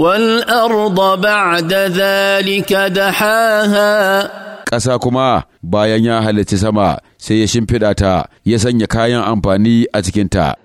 والأرض بعد ذلك دحاها ƙasa kuma bayan ya halicci sama sai ya shimfiɗa ta ya sanya kayan amfani a cikinta.